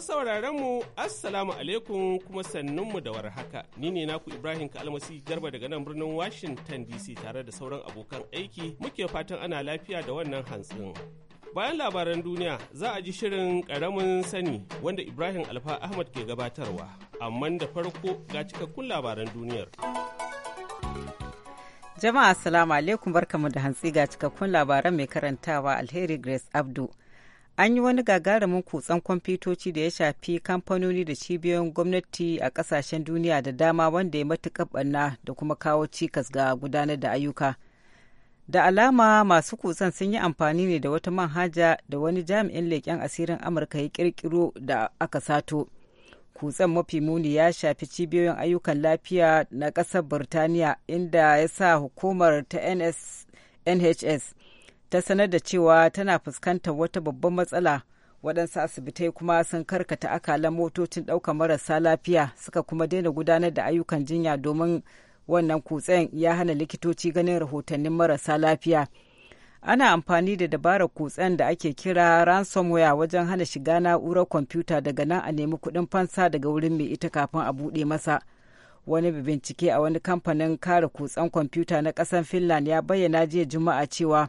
Masu sauraron mu Assalamu alaikum kuma sannunmu da warhaka. Ni ne naku Ibrahim Kalmasi Garba daga nan birnin Washington DC tare da sauran abokan aiki muke fatan ana lafiya da wannan hantsin. Bayan labaran duniya za a ji shirin karamin sani wanda Ibrahim Alfa Ahmad ke gabatarwa, amma da farko ga cikakkun labaran duniyar. Jama'a Assalamu alaikum barkamu da hantsi ga cikakkun labaran mai karantawa Alheri Grace Abdu. an yi wani gagarumin kutsan kwamfutoci da ya shafi kamfanoni da cibiyoyin gwamnati a kasashen duniya da dama wanda ya matuƙar ɓanna da kuma kawo cikas ga gudanar da ayyuka da alama masu kutsan sun yi amfani ne da wata manhaja da wani jami'in leƙen asirin amurka ya ƙirƙiro da aka sato kutsan mafi muni ya shafi cibiyoyin ayyukan lafiya na ƙasar birtaniya inda ya sa hukumar ta NS, nhs ta sanar da cewa tana fuskantar wata babban matsala waɗansu asibitai kuma sun karkata akalan motocin ɗaukar marasa lafiya suka kuma daina gudanar da ayyukan jinya domin wannan kutsen ya hana likitoci ganin rahotannin marasa lafiya ana amfani da dabarar kutsen da ake kira ransomware wajen hana shiga na'urar kwamfuta daga nan a nemi kuɗin fansa daga wurin mai ita kafin a buɗe masa wani bincike a wani kamfanin kare kutsen kwamfuta na ƙasar finland ya bayyana jiya juma'a cewa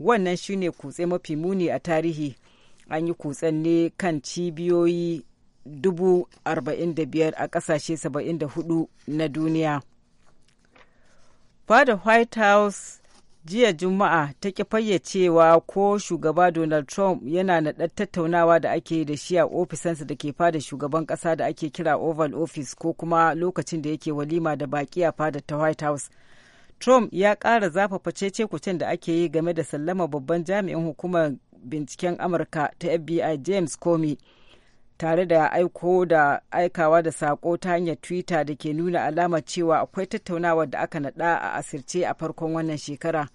wannan shi ne kutse mafi muni a tarihi an yi kutsen ne kan cibiyoyi 45,000 a ƙasashe 74 na duniya fada white house jiya juma'a ta ki cewa ko shugaba donald trump yana naɗar tattaunawa da ake da shi a ofisansa da ke fada shugaban ƙasa da ake kira oval office ko kuma lokacin da yake walima da baƙi a fada ta white house Trump ya kara zafafa cece-kucen da ake yi game da sallama babban jami'in hukumar binciken Amurka ta FBI James Comey tare da aiko da aikawa da sako ta hanyar Twitter da ke nuna alamar cewa akwai tattaunawa da aka naɗa a asirce a farkon wannan shekara.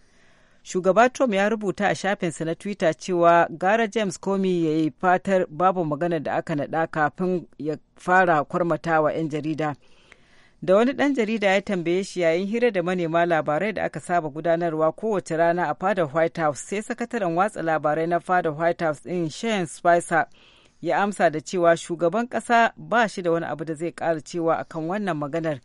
Shugaba Trump ya rubuta a shafinsa na Twitter cewa gara James Comey ya yi fatar babu magana da aka naɗa kafin ya fara kwarmatawa 'yan jarida. da wani ɗan jarida ya tambaye shi yayin hira da manema labarai da aka saba gudanarwa kowace rana a fadar white house sai sakataren watsa labarai na fadar white house ɗin shane spicer ya amsa da cewa shugaban ƙasa ba shi da wani abu da zai ƙara cewa akan wannan maganar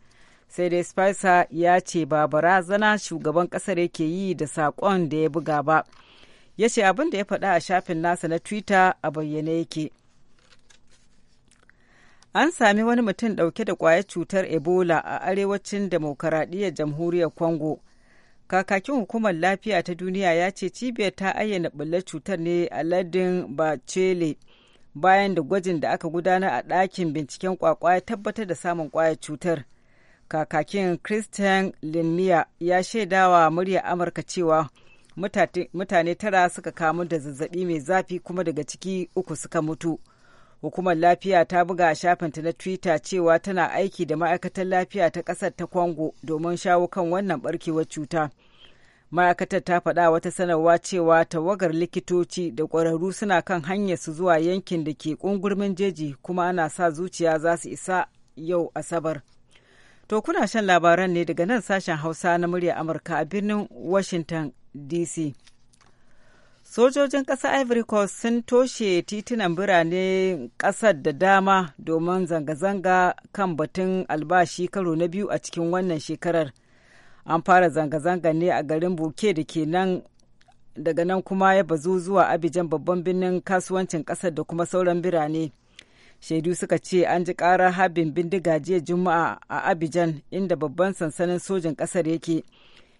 sai dai spicer ya ce ba barazana shugaban ƙasar yake yi da saƙon da ya buga ba ya ce abin da ya faɗa a shafin nasa na twitter a bayyane yake. An sami wani mutum ɗauke da ƙwayar cutar Ebola a arewacin demokaradiyyar jamhuriyar Congo. Kakakin hukumar lafiya ta duniya ya ce cibiyar ta ayyana ɓullar cutar ne a ladin Bacele bayan da gwajin da aka gudanar a ɗakin binciken kwakwa ya tabbatar da samun ƙwayar cutar. Kakakin Christian Linnea ya shaidawa muryar Amurka cewa mutane tara suka kamu da zazzabi mai zafi kuma daga ciki uku suka mutu. Hukumar lafiya ta buga a shafinta na Twitter cewa tana aiki da ma'aikatar lafiya ta ƙasar ta kwango domin shawo kan wannan barkewar cuta. Ma'aikatar ta faɗa wata sanarwa cewa tawagar likitoci da ƙwararru suna kan hanyar su zuwa yankin da ke ƙungurmin jeji kuma ana sa zuciya za su isa yau Asabar. To kuna shan labaran ne daga nan sashen Hausa na murya Amurka a birnin Washington DC. Sojojin ƙasar Ivory Coast sun toshe titunan birane ƙasar da dama domin zanga-zanga kan batun albashi karo na biyu a cikin wannan shekarar. An fara zanga-zanga ne a garin Buke da ke nan daga nan kuma ya bazu zuwa abijan babban birnin kasuwancin ƙasar da kuma sauran birane. shaidu suka ce an ji ƙarar habin bindiga jiya juma'a a abijan inda babban sansanin sojin ƙasar yake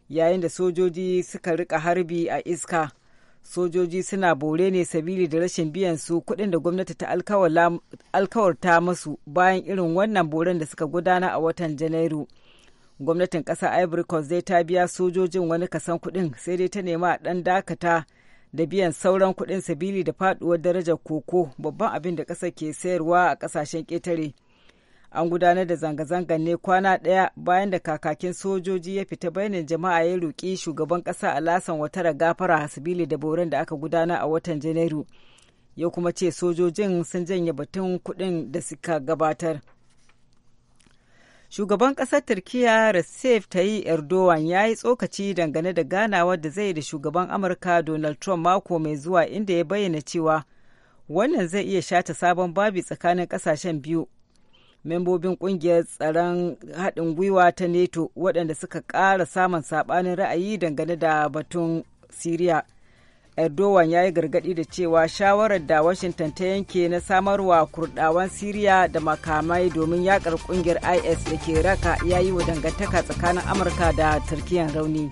yayin da sojoji suka rika harbi a iska sojoji suna bore ne sabili da rashin biyan su kuɗin da gwamnati ta alkawarta masu bayan irin wannan boren da suka gudana a watan janairu gwamnatin ƙasa ivory coast zai ta biya sojojin wani kasan kuɗin sai dai ta nema a ɗan dakata da biyan sauran kuɗin sabili da faɗuwar darajar koko babban abin da ƙasa ke sayarwa a ƙasashen ƙetare. an gudanar da zanga-zangar ne kwana ɗaya bayan da kakakin sojoji ya fita bayanin jama'a ya roƙi shugaban ƙasa a alasan watara gafara hasibili da borin da aka gudana a watan janairu ya kuma ce sojojin sun janye batun kuɗin da suka gabatar shugaban ƙasar turkiya recep tayyip erdogan ya yi tsokaci dangane da ganawar da zai da shugaban amurka donald trump mako mai zuwa inda ya bayyana cewa wannan zai iya shata sabon babi tsakanin ƙasashen biyu membobin kungiyar tsaron haɗin gwiwa ta neto waɗanda suka ƙara samun saɓanin ra'ayi dangane da batun siriya erdogan ya yi gargaɗi da cewa shawarar da washington ta yanke na samarwa kurɗawan siriya da makamai domin yaƙar ƙungiyar is da ke raka ya yi wa dangantaka tsakanin amurka da turkiyan rauni.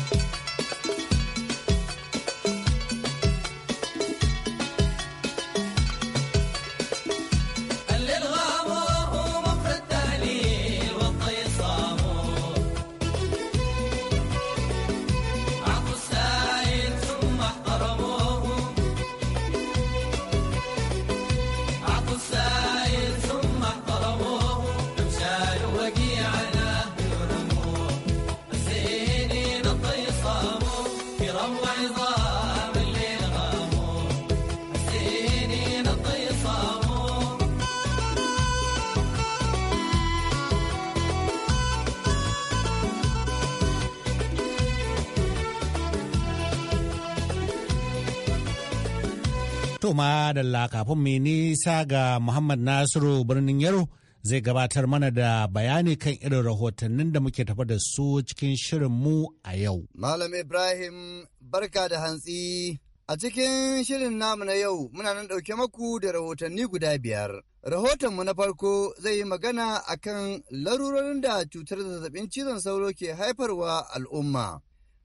madalla kafin mai nisa ga Muhammad Nasiru birnin Yaro zai gabatar mana da bayani kan irin rahotannin da muke tafa da su cikin mu a yau. Malam Ibrahim barka da hantsi a cikin shirin namu na yau muna nan ɗauke maku da rahotanni guda biyar. Rahotonmu na farko zai yi magana a kan larurorin da cutar zazzabin cizon sauro ke haifarwa al'umma.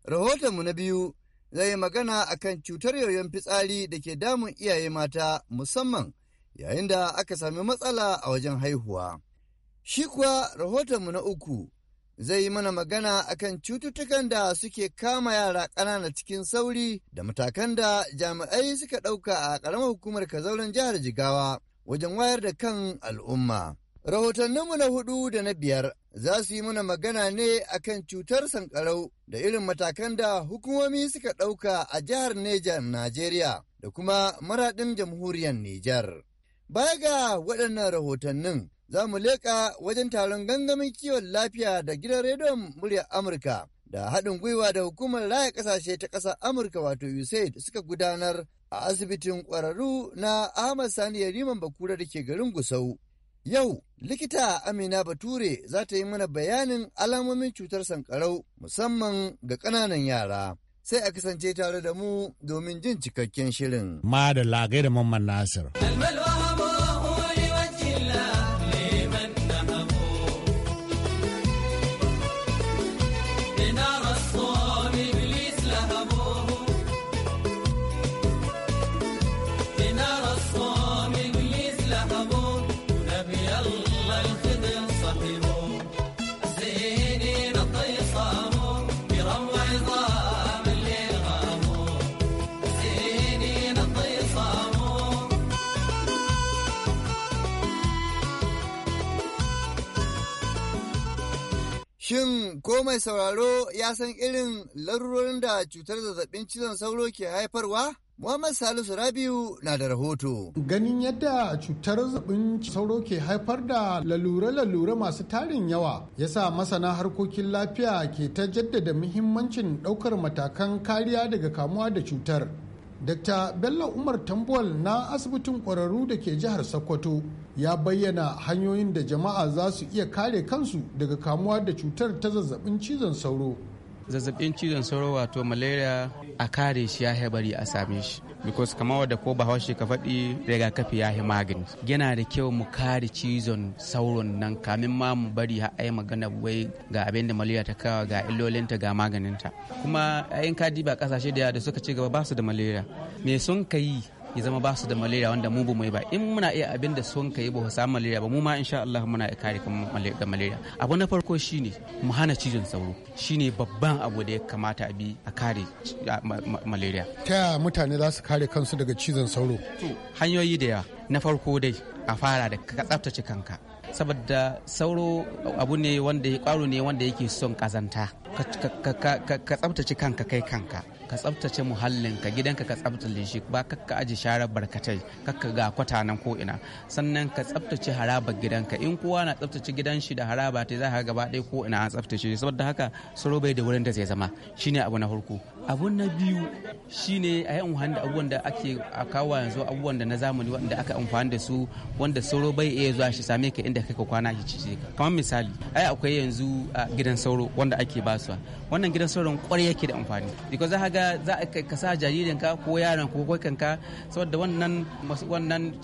Rahotonmu na biyu zai yi magana akan cutar yoyon fitsari da ke damun iyaye mata musamman yayin da aka sami matsala a wajen haihuwa. Shi kuwa rahotonmu na uku zai yi mana magana akan cututtukan da suke kama yara ƙanana cikin sauri da matakan da jami'ai suka ɗauka a ƙaramar hukumar kazauren jihar Jigawa wajen wayar da kan al'umma. Rahotanninmu na hudu da na biyar za su yi mana magana ne akan cutar sankarau da irin matakan da hukumomi suka ɗauka a jihar Neja, Najeriya da kuma maradin jamhuriyar Nijar. Baya ga waɗannan rahotannin za mu leƙa wajen taron gangamin kiwon lafiya da gidan rediyon muryar Amurka da haɗin gwiwa da hukumar raya ƙasashe ta ƙasa Amurka wato USAID suka gudanar a asibitin ƙwararru na Ahmad Sani Yariman Bakura da ke garin Gusau. Yau Likita Amina Bature za ta yi mana bayanin alamomin cutar sankarau musamman ga ƙananan yara. Sai a kasance tare da mu domin jin cikakken shirin. Ma da lagai da Mamman Nasir. Shin ko mai sauraro ya san irin larurorin da cutar zazzabin cizon sauro ke haifarwa? Muhammad Salisu Rabiu na da rahoto. Ganin yadda cutar zaɓin sauro ke haifar da lalure-lalure masu tarin yawa, ya sa masana harkokin lafiya ke ta jaddada muhimmancin ɗaukar matakan kariya daga kamuwa da cutar. Dr. Bello Umar Tambol na asibitin ƙwararru da ke jihar Sokoto ya bayyana hanyoyin da jama'a za su iya kare kansu daga kamuwa da cutar ta zazzabin cizon sauro. Zazzabin cizon sauro wato malaria a kare shi ya bari a same shi. because kamar wadda ko bahaushe ka faɗi rigakafi ya yi magani yana da kyau mu kare cizon sauron nan kamin ma mu bari har ai magana wai ga abin da malaria ta kawo ga illolinta ga maganinta kuma ayin ka diba kasashe da da suka ci gaba ba su da malaria me sun ka yi ya zama ba su da malaria wanda mu bamu yi ba in muna iya abin da sun kai ba samu malaria ba mu ma insha Allah muna iya kare kan malaria abu na farko shine mu hana cizon sauro shine babban abu da ya kamata a bi a kare malaria ta mutane za su kare kansu daga cizon sauro hanyoyi da yawa na farko dai a fara da ka tsaftace kanka saboda sauro abu ne wanda ya kwaro ne wanda yake son kazanta ka tsabtace kanka kai kanka ka tsabtace muhallinka gidanka ka tsabtace shi ba kakka aji sharar barkatai kakka ga kwata nan ko ina sannan ka tsabtace harabar gidanka in kowa na tsabtace gidan shi da haraba ta za ka gaba ɗaya ko ina an tsabtace saboda haka sauro bai da wurin da zai zama shine abu na farko abun na biyu shine a yi amfani da abubuwan da ake a kawo yanzu abubuwan da na zamani wanda aka amfani da su wanda sauro bai iya zuwa shi same ka inda kake kwana shi cije ka kamar misali ai akwai yanzu gidan sauro wanda ake ba su wannan gidan sauron kwarai yake da amfani because za ga za ka sa jaririn ka ko yaron ko kokan ka saboda wannan wannan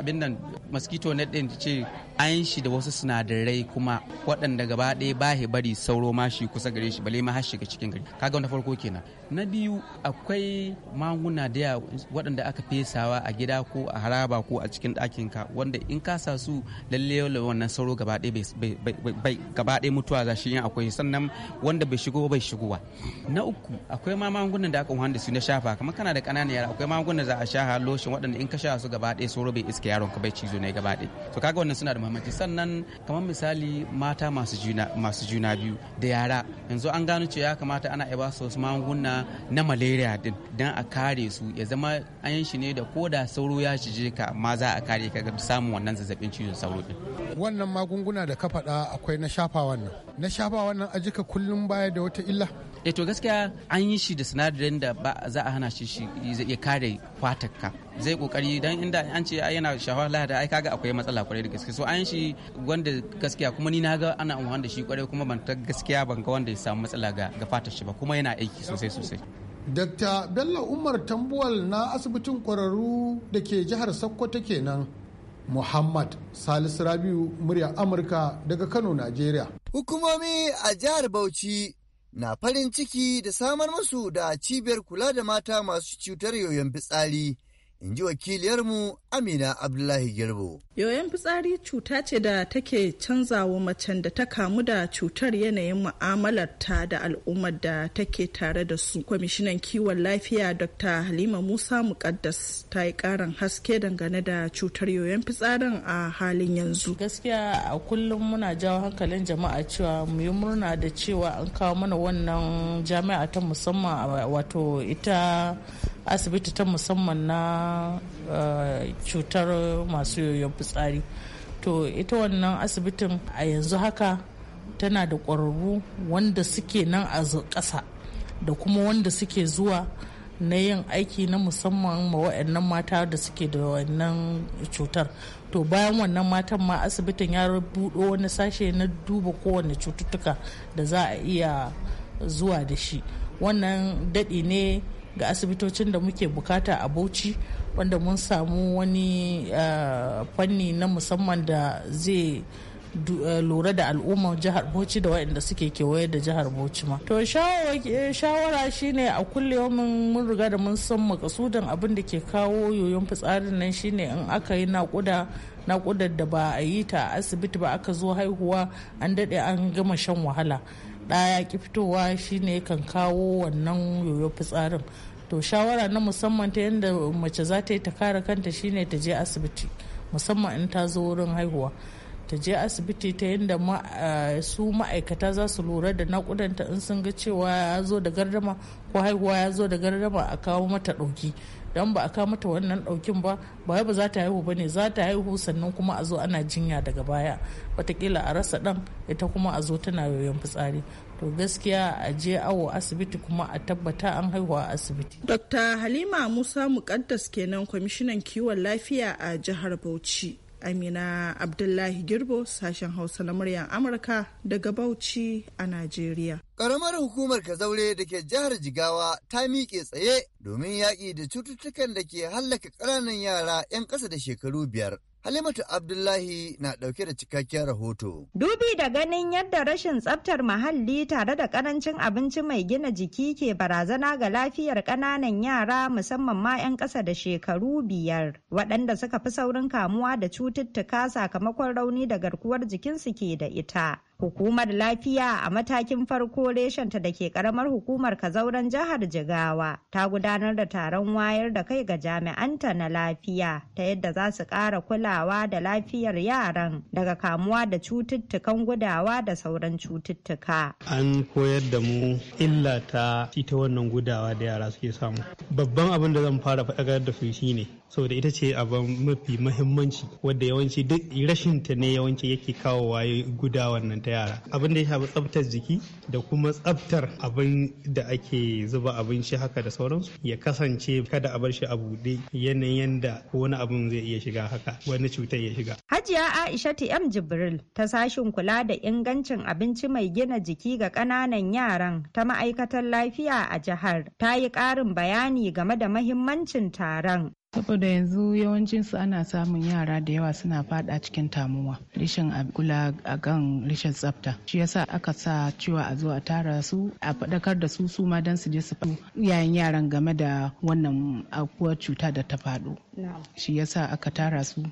abin nan mosquito net din ce an shi da wasu sinadarai kuma waɗanda gaba ɗaya ba bari sauro ma shi kusa gare shi bale ma har shiga cikin gari kaga wanda farko ke kenan na biyu akwai maguna da yawa waɗanda aka fesawa a gida ko a haraba ko a cikin ɗakin ka wanda in ka sa su lalle wannan sauro gaba ɗaya mutuwa za shi yin akwai sannan wanda bai shigo bai shigowa na uku akwai ma magungunan da aka wanda su na shafa kamar kana da ƙananan yara akwai magungunan za a sha ha lotion waɗanda in ka sha su gaba ɗaya sauro bai iske yaron ka bai cizo ne gaba ɗaya to kaga wannan suna da muhimmanci sannan kamar misali mata masu juna masu juna biyu da yara yanzu an gano cewa ya kamata ana iya ba su wasu magunguna na malaria din don a kare su ya zama an shi ne da ko da sauro ya shige ka amma za a kare ka ga samun wannan zazzabin cizon sauro din wannan magunguna da ka faɗa akwai na shafa wannan na shafa wannan a jika kullum baya da wata illa E to gaskiya an yi shi da sinadarin da ba za a hana shi shi ya kare fataka zai kokari dan inda an ce yana shawar lahada ai kaga akwai matsala kwarai da gaske so an shi wanda gaskiya kuma ni na ga ana amfani da shi kwarai kuma ban ta gaskiya ban ga wanda ya samu matsala ga ga fatar shi ba kuma yana aiki sosai sosai Dr. Bello Umar Tambuwal na asibitin kwararru da ke jihar Sokoto kenan Muhammad Salisu Rabiu murya Amurka daga Kano, Najeriya. Hukumomi a jihar Bauchi na farin ciki da samar musu da cibiyar kula da mata masu cutar yoyon fitsari in ji wakiliyarmu amina abdullahi girbo yoyon fitsari cuta ce da take canzawa macen da ta kamu da cutar yanayin ta da al'ummar da take tare da su kwamishinan kiwon lafiya dr halima musa mukaddas ta yi karin haske dangane da cutar yoyon fitsarin a halin yanzu gaskiya a kullum muna jawo hankalin jama'a cewa mu yi murna da cewa an kawo mana wannan jami'a ta musamman wato ita asibiti ta musamman na eh, cutar masu yoyon fitsari to ita wannan asibitin a yanzu haka tana da ƙwararru wanda suke nan a ƙasa da kuma wanda suke zuwa na yin aiki na musamman ma waɗannan mata da suke da wannan cutar to bayan wannan matan ma asibitin ya buɗo wani sashe na duba kowane cututtuka da za a iya zuwa da shi wannan daɗi ne ga asibitocin da muke bukata a bauchi wanda mun samu wani eh, fanni na musamman da zai eh, lura da al'ummar jihar bauchi da waɗanda suke kewaye da jihar bauchi ma to eh, shawara shine a kulle mun riga da mun san makasudan abin da ke kawo yoyon fitsarin nan shine in aka yi nakuda nakudar da ba a yi ta a asibiti ba aka zo haihuwa an daɗe an gama shan wahala ɗaya ki fitowa shine kan kawo wannan yoyo fitsarin to shawara na musamman ta yadda mace za ta yi ta kare kanta shine ta je asibiti musamman in ta zo wurin haihuwa ta je asibiti ta yadda su ma'aikata za su lura da naƙudanta in sun ga cewa ya zo da gardama ko haihuwa ya zo da gardama a kawo mata ɗauki dan ba a kawo mata wannan daukin ba ba ba za ta haihu bane za ta haihu sannan kuma a zo ana jinya daga baya watakila a rasa dan ita kuma a zo tana yoyon fitsari to gaskiya a je awo asibiti kuma a tabbata an haihuwa asibiti. Dr. Halima Musa Mukaddas kenan kwamishinan kiwon lafiya a jihar Bauchi. Amina Abdullahi Girbo sashen Hausa na murya'n Amurka daga Bauchi a Najeriya. Ƙaramar hukumar Kazaure da ke jihar Jigawa ta miƙe tsaye domin yaƙi da cututtukan da ke hallaka ƙananan yara 'yan ƙasa da shekaru biyar. Halimatu Abdullahi na ɗauke da cikakken rahoto. Dubi da ganin yadda rashin tsaftar muhalli tare da ƙarancin abinci mai gina jiki ke barazana ga lafiyar ƙananan yara musamman ma 'yan ƙasa da shekaru biyar, waɗanda suka fi saurin kamuwa da cututtuka sakamakon rauni da garkuwar jikinsu ke da ita. Hukumar lafiya a matakin farko reshenta da ke karamar hukumar kazauren jihar Jigawa ta gudanar da taron wayar da kai ga jami'anta na lafiya ta yadda za su ƙara kulawa da lafiyar yaran daga kamuwa da cututtukan gudawa da sauran cututtuka. An koyar da mu illa ta ita wannan gudawa da yara suke samu. Babban abin da zan fara faɗakar da su shine saboda ita ce abin mafi mahimmanci wadda yawanci duk rashinta ne yawanci yake kawo waye gudawan nan ta yara abin da ya shafi tsaftar jiki da kuma tsaftar abin da ake zuba abinci haka da sauransu ya kasance kada a bar shi a buɗe yanayin da wani abin zai iya shiga haka wani cutar ya shiga hajiya aisha m jibril ta sashin kula da ingancin abinci mai gina jiki ga ƙananan yaran ta ma'aikatar lafiya a jihar ta yi ƙarin bayani game da mahimmancin taron saboda yanzu yawancinsu ana samun yara da yawa suna fada cikin tamuwa rishin kula a kan rishin tsafta shi yasa aka sa cewa a zo a tara su a faɗakar da su su ma don su je su yayin yaran game da wannan akuwar cuta da ta faɗo shi yasa aka tara su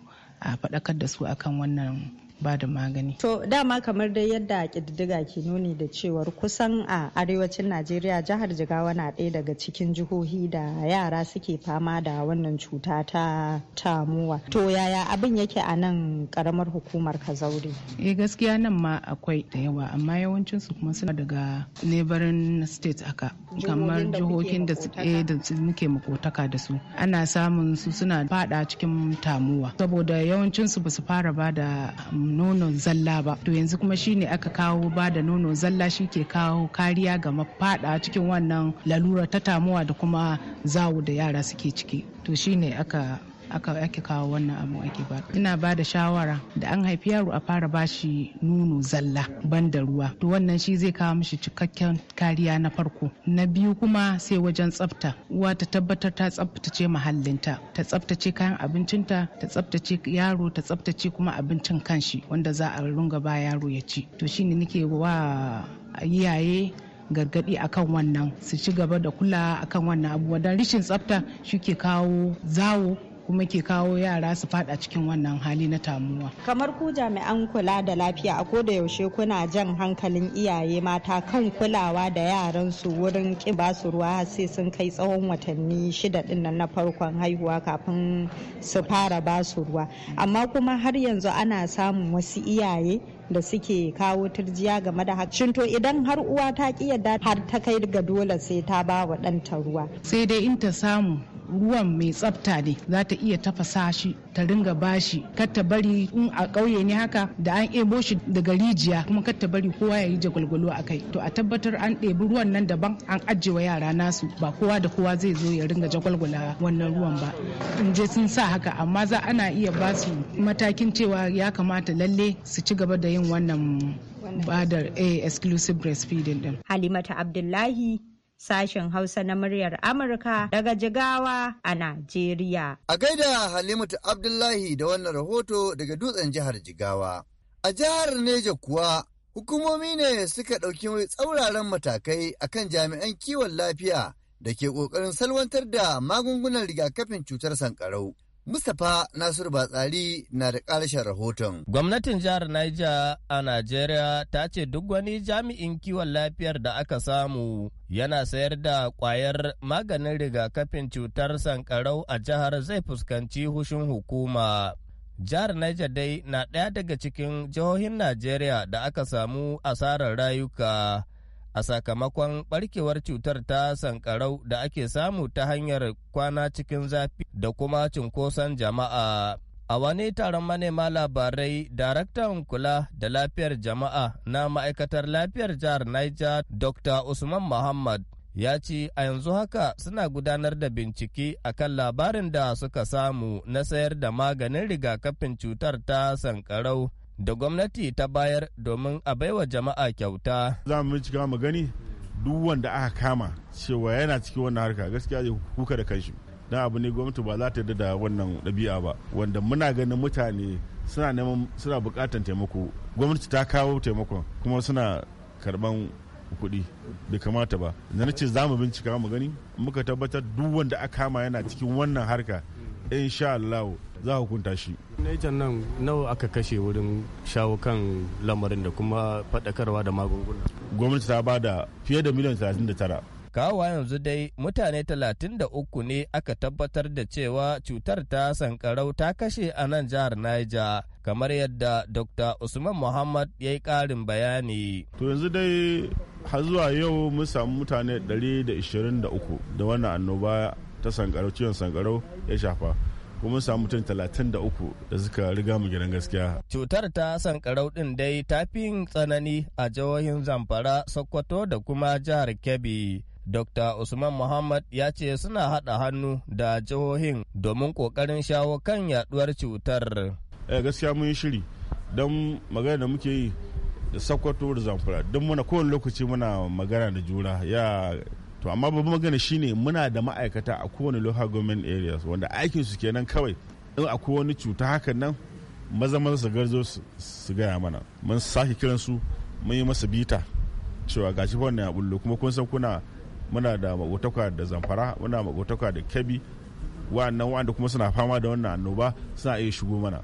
a faɗakar da su akan wannan ba da magani. To dama kamar dai yadda ƙididdiga ke nuni da cewar kusan a arewacin Najeriya jihar Jigawa na ɗaya daga cikin jihohi da yara suke fama da wannan cuta ta tamuwa. To yaya abin yake a nan karamar hukumar ka zaure. e eh, gaskiya nan ma akwai da yawa amma yawancin su kuma suna daga neighboring state haka kamar jihohin da eh, muke makotaka da su. Ana samun su suna fada cikin tamuwa saboda yawancin su basu fara ba da nono zalla ba to yanzu kuma shine aka kawo ba da nono zalla shi ke kawo kariya ga mafaɗa cikin wannan lalura ta tamuwa da kuma zawo da yara suke ciki to shine aka aka ake kawo wannan abu ake ba ina ba da shawara da an haifi yaro a fara ba shi nono zalla ban da ruwa to wannan shi zai kawo mishi cikakken kariya na farko na biyu kuma sai wajen tsafta uwa ta tabbatar ta tsaftace muhallinta ta tsaftace kayan abincinta ta tsaftace yaro ta tsaftace kuma abincin kanshi wanda za a runga ba yaro ya ci to shine nake wa iyaye gargadi akan wannan su ci gaba da kula akan wannan abu don rishin tsafta shi ke kawo zawo kuma ke kawo yara su fada cikin wannan hali na tamuwa kamar ku jami'an kula da lafiya a ko da yaushe kuna jan hankalin iyaye mata kan kulawa da yaran su wurin kiba su ruwa sai sun kai tsawon watanni shida din na farkon haihuwa kafin su fara ba su ruwa amma kuma har yanzu ana samun wasu iyaye da suke kawo turjiya game da hakin to idan har uwa ta ƙi yadda har ta kai ga dole sai ta ba wa ɗanta ruwa sai dai in ta samu ruwan mai tsafta ne za ta iya tafasa shi ta ringa bashi kar ta bari in a ƙauye ne haka da an ebo shi daga rijiya kuma kar ta bari kowa ya yi jagwalgwalo a kai to a tabbatar an ɗebi ruwan nan daban an ajiye yara nasu ba kowa da kowa zai zo ya ringa jagwalgwala wannan ruwan ba in je sun sa haka amma za ana iya basu matakin cewa ya kamata lalle su ci gaba da yin wannan badar a eh, exclusive breastfeeding din halimata abdullahi sashen Hausa na muryar Amurka daga Jigawa a Najeriya. A gaida Halimatu Abdullahi da wannan rahoto daga dutsen jihar Jigawa. A jihar Neja kuwa hukumomi ne suka ɗauki tsauraran matakai akan jami'an kiwon lafiya da ke ƙoƙarin salwantar da magungunan rigakafin cutar sankarau Mustapha Nasiru Batsari na da ƙarshen rahoton. Gwamnatin jihar Niger a Najeriya ta ce duk wani jami'in kiwon lafiyar da aka samu yana sayar da ƙwayar maganin rigakafin cutar sankarau a jihar zai fuskanci hushin hukuma. Jihar Niger dai na ɗaya daga cikin jihohin Najeriya da aka samu asarar rayuka. a sakamakon barkewar cutar ta sankarau da ake samu ta hanyar kwana cikin zafi da kuma cunkoson jama'a. A wani taron manema labarai, daraktan kula da lafiyar jama'a na ma'aikatar lafiyar jihar Niger, Dr. Usman Muhammad, ya ce a yanzu haka suna gudanar da bincike akan labarin da suka samu na sayar da maganin rigakafin cutar ta sankarau da gwamnati ta bayar domin a baiwa jama'a kyauta. Za mu bincika mu gani duk wanda aka kama cewa yana cikin wannan harka gaskiya zai kuka da kanshi. Dan abu ne gwamnati ba za ta yarda da wannan ɗabi'a ba wanda muna ganin mutane suna neman suna buƙatar taimako. Gwamnati ta kawo taimakon kuma suna karɓan kuɗi bai kamata ba. Na ce za mu bincika mu gani muka tabbatar duk wanda aka kama yana cikin wannan harka insha Allah za hukunta shi Nejan nan nawa aka kashe wurin shawo kan lamarin da kuma faɗakarwa da magunguna gwamnati ta bada fiye da miliyan 39 kawowa yanzu dai mutane 33 ne aka tabbatar da cewa cutar ta sankarau ta kashe a nan jihar Niger kamar yadda Dr. Usman Muhammad ya yi ƙarin bayani. To yanzu dai har zuwa yau mun samu mutane 123 da wannan annoba ta sankarau ciwon sankarau ya shafa kuma samu mutum talatin da uku da suka riga mu gidan gaskiya. Cutar ta sankarau din dai ta fi tsanani a jihohin Zamfara, Sokoto da kuma jihar Kebbi. Dr. Usman Muhammad ya ce suna hada hannu da jihohin domin kokarin shawo kan yaduwar cutar. Eh, gaskiya mun yi shiri don magana da muke yi da Sokoto da Zamfara. Don muna kowane lokaci muna magana da jura ya to amma babban magana shine muna da ma'aikata a kowane local government areas wanda aikin su kenan kawai in akwai wani cuta hakan nan maza maza su garzo su gaya mana mun sake kiran su mun yi masa bita cewa gashi fa wannan ya bullo kuma kun san kuna muna da magotaka da zamfara muna magotaka da kabi wa'annan wa'anda kuma suna fama da wannan annoba suna iya shigo mana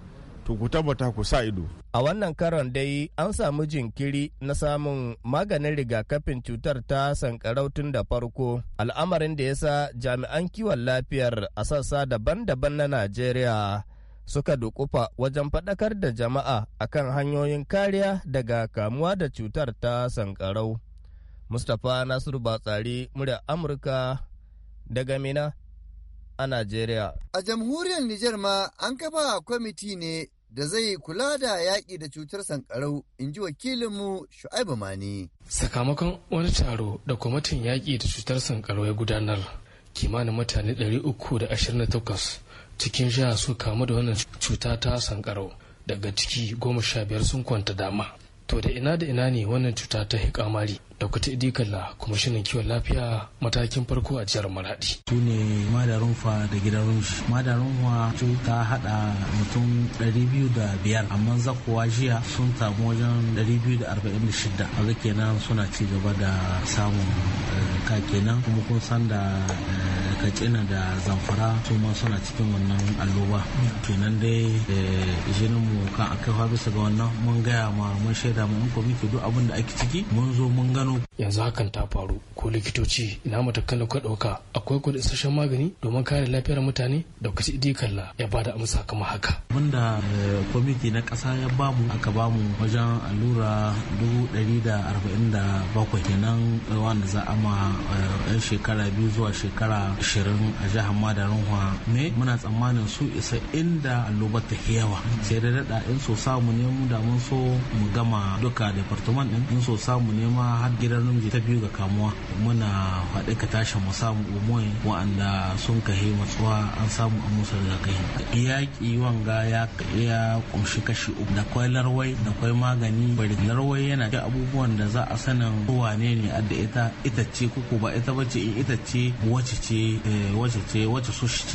to ku tabbata ku sa ido A wannan karon dai an samu jinkiri na samun maganin rigakafin cutar ta sankarau tun da farko, al'amarin da ya sa jami'an kiwon lafiyar a sassa daban-daban na Najeriya suka dukufa wajen faɗakar da jama'a akan hanyoyin kariya daga kamuwa da cutar ta sankarau. Mustapha Nasiru Batsari, murya Amurka daga Mina a Najeriya. A jamhuriyar Nijar ma an kafa kwamiti ne da zai kula da yaƙi da cutar sankarau in ji wakilinmu shu'aibu mani. sakamakon wani taro da kwamitin yaƙi da cutar sankarau ya gudanar kimanin mutane 328 cikin jiha su kamu da wannan cuta ta sankarau daga ciki goma sha biyar sun kwanta dama to da ina da ina ne wannan cuta ta hikamari daukata idikalla kuma shirin kiwon lafiya matakin farko a jihar maradi su ne madarun fa da gidan rumshi madarun fa ta hada mutum 205 amma zakuwa jiya sun samu wajen 246 a kenan suna ci gaba da samun eh, ka kenan kuma kun san da eh, katsina da zamfara su ma suna cikin wannan alloba kenan dai eh, jinin mu kan akai bisa ga wannan mun gaya ma mun shaida mu in duk abin da ake ciki mun zo mun gano yanzu hakan ta faru ko likitoci ina matakan da kuka ɗauka akwai kuɗi isasshen magani domin kare lafiyar mutane da kuka ci kalla ya ba da amsa kamar haka. Wanda eh, kwamiti na ƙasa ya bamu aka bamu wajen allura dubu ɗari da arba'in da bakwai kenan eh, wanda za a ma eh, yan shekara biyu zuwa shekara ashirin a jihar Madarin Hwa ne muna tsammanin su isa inda allobar ta yawa sai da daɗa in so samu ne mu da mun so mu gama duka departament ɗin in so samu ne ma har gidan namiji ta biyu ga kamuwa muna haɗe ka tashi mu samu umoi wa'anda sun kahe matsuwa an samu an musu kai. yaƙi wanga ya ya kumshi kashi uku da kwai larwai da kwai magani bari larwai yana da abubuwan da za a sanin ruwa ne adda ita ita ce kuku ba ita bace in eh, ita ce wace ce eh, wace ce wace su shi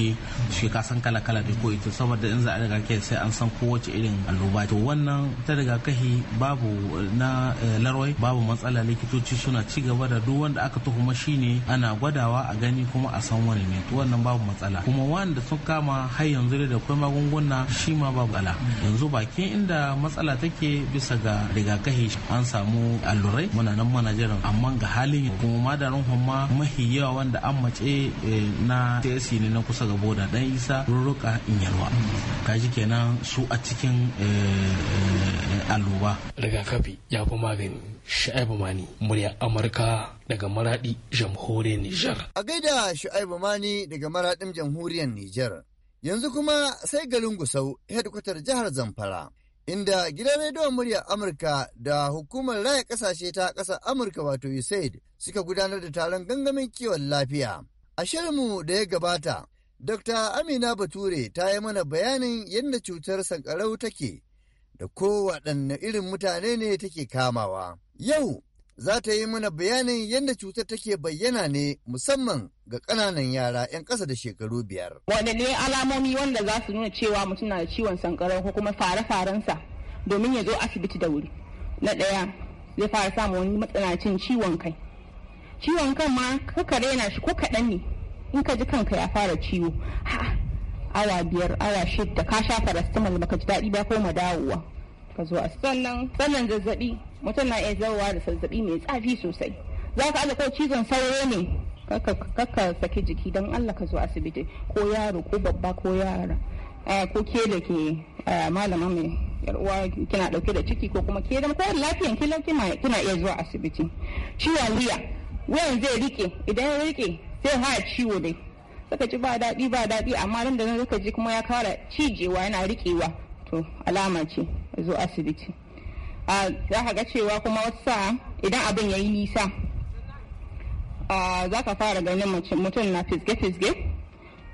ce shi ka san kala kala da ko ita saboda in za a riga kai sai an san ko wace irin alluba to wannan ta kai babu na eh, larwai babu matsala likito likitoci suna ci gaba da duk wanda aka tuhuma shine ana gwadawa a gani kuma a san wani ne wannan babu matsala kuma wanda sun kama har yanzu da kai magunguna shi ma babu matsala yanzu bakin inda matsala take bisa ga rigakafi an samu allurai muna nan muna jiran amma ga halin kuma madarin homma mahi yawa wanda an mace eh, na tsc ne na kusa ga boda dan isa ruruka inyarwa kaji kenan su a cikin eh, eh, alluba rigakafi ya fi magani sha'ibu mani muryar Amurka daga Maradi, jamhuriyar Nijar. A gaida Shu'aibu Mani daga Maradin jamhuriyar Nijar. Yanzu kuma sai garin Gusau, hedkwatar jihar Zamfara. Inda gidan rediyon muryar Amurka da hukumar raya kasashe ta ƙasar Amurka wato USAID suka gudanar da taron gangamin kiwon lafiya. A shirinmu da ya gabata, Dr. Amina Bature ta yi mana bayanin yadda cutar sankarau take da kowaɗanne irin mutane ne take kamawa. Yau za ta yi mana bayanin yadda cutar take bayyana ne musamman ga ƙananan yara 'yan ƙasa da shekaru biyar. waɗanne ne alamomi wanda za su nuna cewa mutum na da ciwon sankarau ko kuma fare-farensa domin ya zo asibiti da wuri. Na ɗaya zai fara samun wani matsanancin ciwon kai. Ciwon kan ma kaka rena shi ko kaɗan ne in ka ji kanka ya fara ciwo. awa biyar awa shidda ka sha ba baka ji daɗi ba ko dawowa. ka zo a sannan sannan zazzabi mutum na iya zawa da zazzabi mai tsafi sosai za ka ko cizon sauro ne kaka saki jiki don allah ka zo asibiti ko yaro ko babba ko yara ko ke da ke malama mai yarwa kina dauke da ciki ko kuma ke da ko lafiyan ki kina iya zuwa asibiti ciwon wuya wuyan zai rike idan ya rike sai ha ciwo dai saka ci ba daɗi ba daɗi amma nan da nan zaka ji kuma ya kara cijewa yana rikewa to alama ce zo asibiti za ka ga cewa kuma wasu sa idan abin ya yi nisa za ka fara ganin mutum na fisge-fisge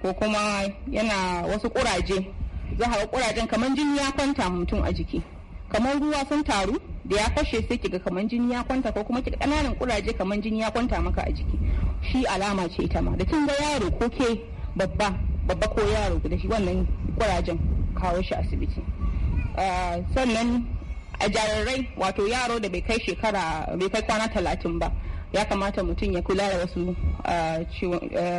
ko kuma yana wasu kuraje za ka ga kurajen kamar jini ya kwanta mutum a jiki kamar ruwa sun taru da ya fashe sai kiga kamar jini ya kwanta ko kuma kiga kananan kuraje kamar jini ya kwanta maka a jiki shi alama ce ita ma da kin ga yaro ko ke babba babba ko yaro da shi wannan kurajen kawo shi asibiti sannan a jarirai wato yaro da bai kai shekara bai kai kwana talatin ba ya kamata mutum ya kula da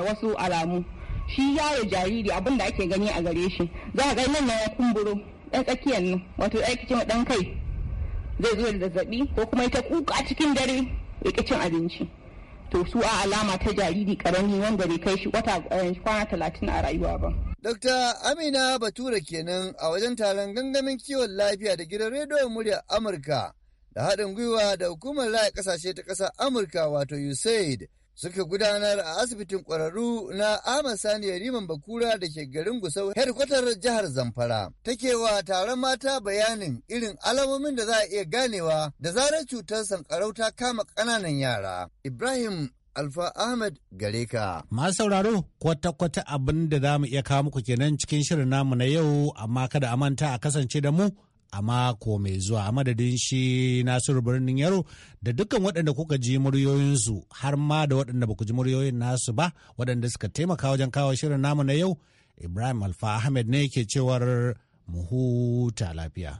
wasu alamu shi yaro jariri abin da ake gani a gare shi za a ga nan ya kumburo ɗan tsakiyar nan wato aiki cin ɗan kai zai zo da zazzaɓi ko kuma ita kuka cikin dare ya cin abinci to su a alama ta jariri karami wanda bai kai shi wata eh, kwana talatin a rayuwa ba. Dokta Amina Bature kenan a wajen taron gangamin kiwon lafiya da gidan rediyon muryar Amurka da haɗin gwiwa da hukumar raya ƙasashe ta ƙasa Amurka wato USAID. suka gudanar a asibitin ƙwararru na Ahmad Sani Yariman Bakura da ke garin Gusau hedkwatar jihar Zamfara. Take wa taron mata bayanin irin alamomin da za a iya ganewa da zarar cutar sankarau ta kama ƙananan yara. Ibrahim Alfa Ahmed Gareka. Ma Masu sauraro kwata-kwata abin da za mu iya kawo muku kenan cikin shirin namu na yau amma kada a manta a kasance da mu a mako mai zuwa a madadin shi nasiru birnin yaro da dukkan waɗanda kuka ji muryoyinsu har ma da waɗanda ba ku ji muryoyin nasu ba waɗanda suka taimaka wajen kawo shirin namu na yau ibrahim alfa ahmed ne ke cewar mu huta lafiya.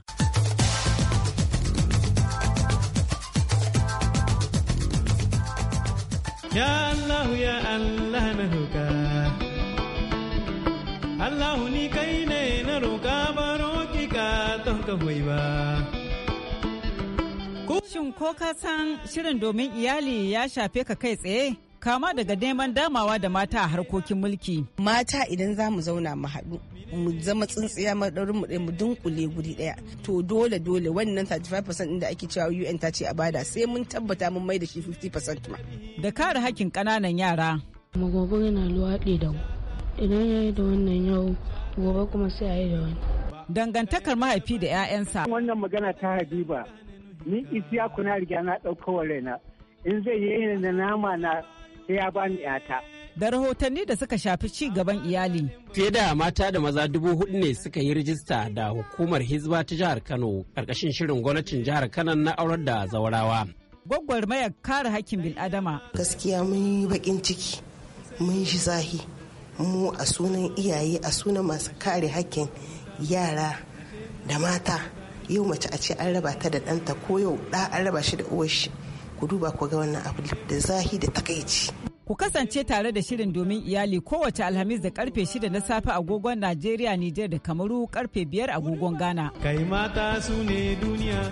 Ya Allah ya Allah na roƙa, Allah ni kai ne na roƙa ba son ka ba. Shin ko ka san shirin domin iyali ya shafe ka kai tsaye? kama daga neman damawa da mata a harkokin mulki. Mata idan za mu zauna mu haɗu, mu zama tsintsiya maɗaurin mu mu dunkule guri ɗaya. To dole dole wannan 35% ɗin da ake cewa UN ta ce a bada sai mun tabbata mun mai da shi 50% ma. Da kare hakkin ƙananan yara. Magogo yana luwaɗe da mu. Idan ya yi da wannan yau, gobe kuma sai a yi da wani. dangantakar mahaifi da 'ya'yansa. Wannan magana ta Habiba, ni isiya kuna riga na ɗaukowa raina, in zai yi da nama na sai ya bani 'yata. Da rahotanni da suka shafi ci gaban iyali. Fiye da mata da maza dubu hudu ne suka yi rijista da hukumar Hizba ta jihar Kano karkashin shirin gwamnatin jihar Kano na aurar da zawarawa. Gwaggwarmayar kare hakkin adama. Gaskiya mun yi baƙin ciki, mun shi zahi. mu a sunan iyaye a sunan masu kare hakkin yara da mata yau mace a ce an raba ta da ɗanta ko yau ɗa an raba shi da uwar shi ku duba ku ga wannan abu da zahi da takaici. Ku kasance tare da shirin domin iyali kowace alhamis da karfe 6 na safe agogon Najeriya, Nijar da Kamaru karfe 5 agogon Ghana. Kai mata su ne duniya.